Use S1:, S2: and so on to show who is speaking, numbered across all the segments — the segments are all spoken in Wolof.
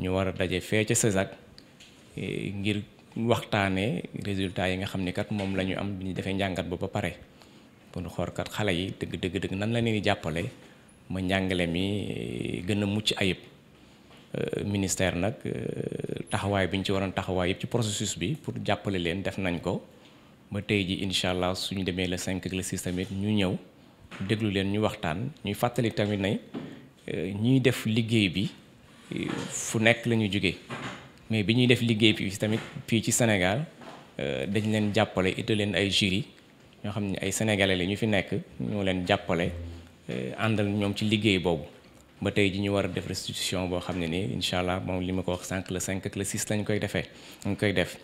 S1: ñu war a daje fee ca CESAC eh, ngir waxtaanee résultats yi nga xam ni kat moom la ñu am bi ñu defee njàngat ba ba pare pour xool kat xale yi dëgg dëgg dëgg nan la leen jàppale ma njàngale mi eh, gën a mucc ayib. Eh, ministère nag taxawaay bi ñu ci waroon taxawaay yëpp ci processus bi pour jàppale leen def nañ ko ba tey ji incha allah suñu demee le 5 ak le 6 tamit ñu ñëw déglu leen ñu waxtaan ñuy fàttali tamit ne ñuy def liggéey bi. fu nekk la ñu mais bi ñuy def liggéey bi tamit fii ci Sénégal euh, dañ leen jàppale itte leen ay jury ñoo xam ne ay sénégalais la ñu fi nekk ñoo leen jàppale euh, àndal ñoom ci liggéey boobu ba tey ji ñu war a def restitution boo xam ne nii incha allah moom li ma ko wax sànq le 5 ak le 6 lañ koy defee lañ koy def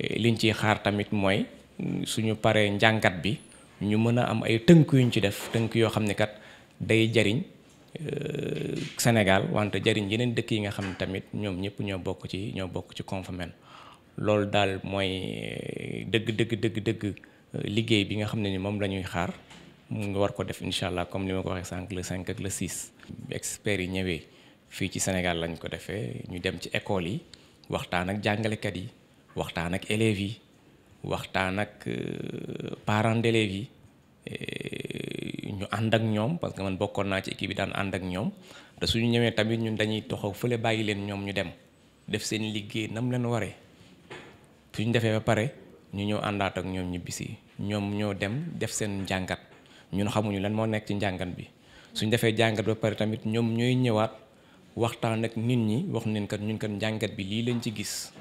S1: liñ ciy xaar tamit mooy mm, suñu paree njàngat bi ñu mën a am ay tënk yu yuñ ci def tënk yoo xam ne kat day jariñ Euh, Sénégal wante jariñ yeneen dëkk yi nga xam ne tamit ñoom ñëpp ñoo bokk ci ñoo bokk ci Conformen loolu daal mooy euh, dëgg dëgg dëgg dëgg euh, liggéey bi nga xam ne ni moom la ñuy xaar mu war ko def incha allah comme li ma ko waxee sànq le ak le 6. experts yi ñëwee fii ci Sénégal lañ ko defee ñu dem ci école yi waxtaan ak jàngalekat yi waxtaan ak élèves yi waxtaan ak parents d'élèves yi. ànd ak ñoom parce que man bokkoon naa ci équipe bi daan ànd ak ñoom te ñu ñëwee tamit ñun dañuy toxaw fële bàyyi leen ñoom ñu dem def seen liggéey nam leen waree suñu defee ba pare ñu ñëw àndaat ak ñoom ñibbisi ñoom ñoo dem def seen njàngat ñun xamuñu lan moo nekk ci njàngat bi suñ defee jàngat ba pare tamit ñoom ñooy ñëwaat waxtaan ak nit ñi wax neen kat ñun kat njàngat bi lii lañ ci gis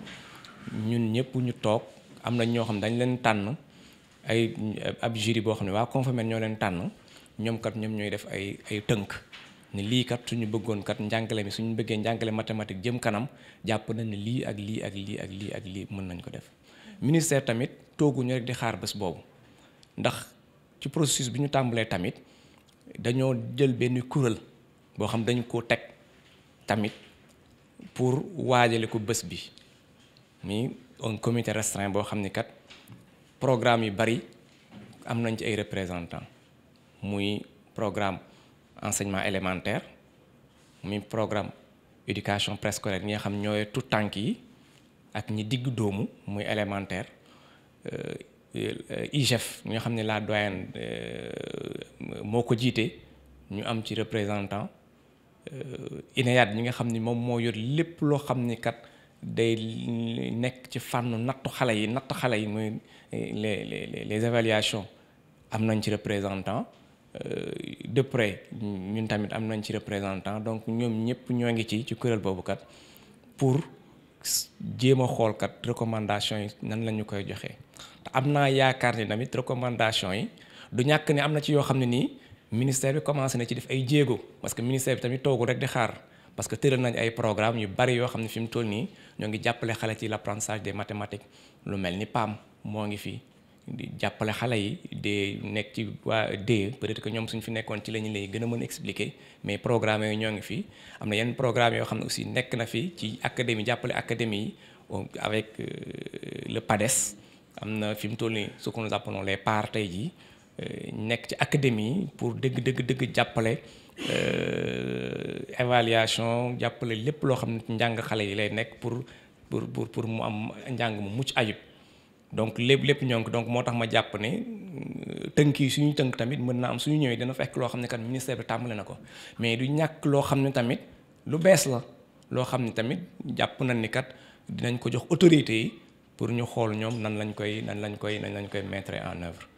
S1: ñun ñëpp ñu toog am na ñoo xam dañ leen tànn ay ab jury boo xam ne waa Confamède ñoo leen tànn ñoom kat ñoom ñooy def ay ay tënk ne lii kat suñu bëggoon kat njàngale mi suñu bëggee njàngale mathématique jëm kanam jàpp nañ lii ak lii ak lii ak lii ak lii mën nañ ko def ministère tamit tooguñu rek di xaar bés boobu ndax ci processus bi ñu tàmbalee tamit dañoo jël benn kuréel boo xam dañu ko teg tamit pour waajale ko bés bi mi un comité restreint boo xam ni kat programme yu bari am nañ ci ay représentants muy programme enseignement élémentaire muy programme éducation préscolaire ñi nga xam ñooy tout tànk yi ak ñi digg dóomu muy élémentaire euh, IGF ñi nga xam ne la doyenne euh, moo ko jiite ñu am ci représentant euh, INEAD ñi nga xam ni moom moo yor lépp loo xam ni kat day nekk ci fànn nattu xale yi natt xale yi muy les les les évaluations am nañ ci représentant de près ñun tamit am nañ ci représentant donc ñoom ñëpp ñoo ngi ci ci kuréel boobu kat pour jéem a xool kat recommandation yi nan la ñu koy joxee te am naa yaakaar ni namit recommandation yi du ñàkk ne am na ci yoo xam ne nii ministère bi commencé na ci def ay jéego parce que ministère bi tamit toogul rek di xaar parce que tëral nañ ay programme yu bari yoo xam ne fi mu toll nii ñoo ngi jàppale xale ci l'apprentissage des mathématiques lu mel ni PAM moo ngi di jàppale xale yi de nekk ci waa DE peut-être que ñoom suñ fi nekkoon ci la ñu lay gën a mën expliquer mais programme yooyu ñoo ngi fi am na yenn programme yoo xam ne aussi nekk na fi ci académie jàppale académie yi avec euh, le PADES am na fi mu toll nii ce que nous les PAR tey jii euh, nekk ci académie pour dëgg dëgg dëgg jàppale euh, évaluation jàppale lépp loo xam ne njàng xale yi lay nekk pour pour pour pour mu am njàng mu mucc ayib. donc lépp lépp ñoo ngi donc moo tax ma jàpp ne euh, tënk yi suñu tënk tamit mën naa am suñu ñëwee dana fekk loo xam ne kat ministère bi tàmbale na ko mais du ñàkk loo xam ne tamit lu bees la loo xam ne tamit jàpp nañ ni kat dinañ ko jox autorités yi pour ñu xool ñoom nan lañ koy nan lañ koy nan koy mettre en œuvre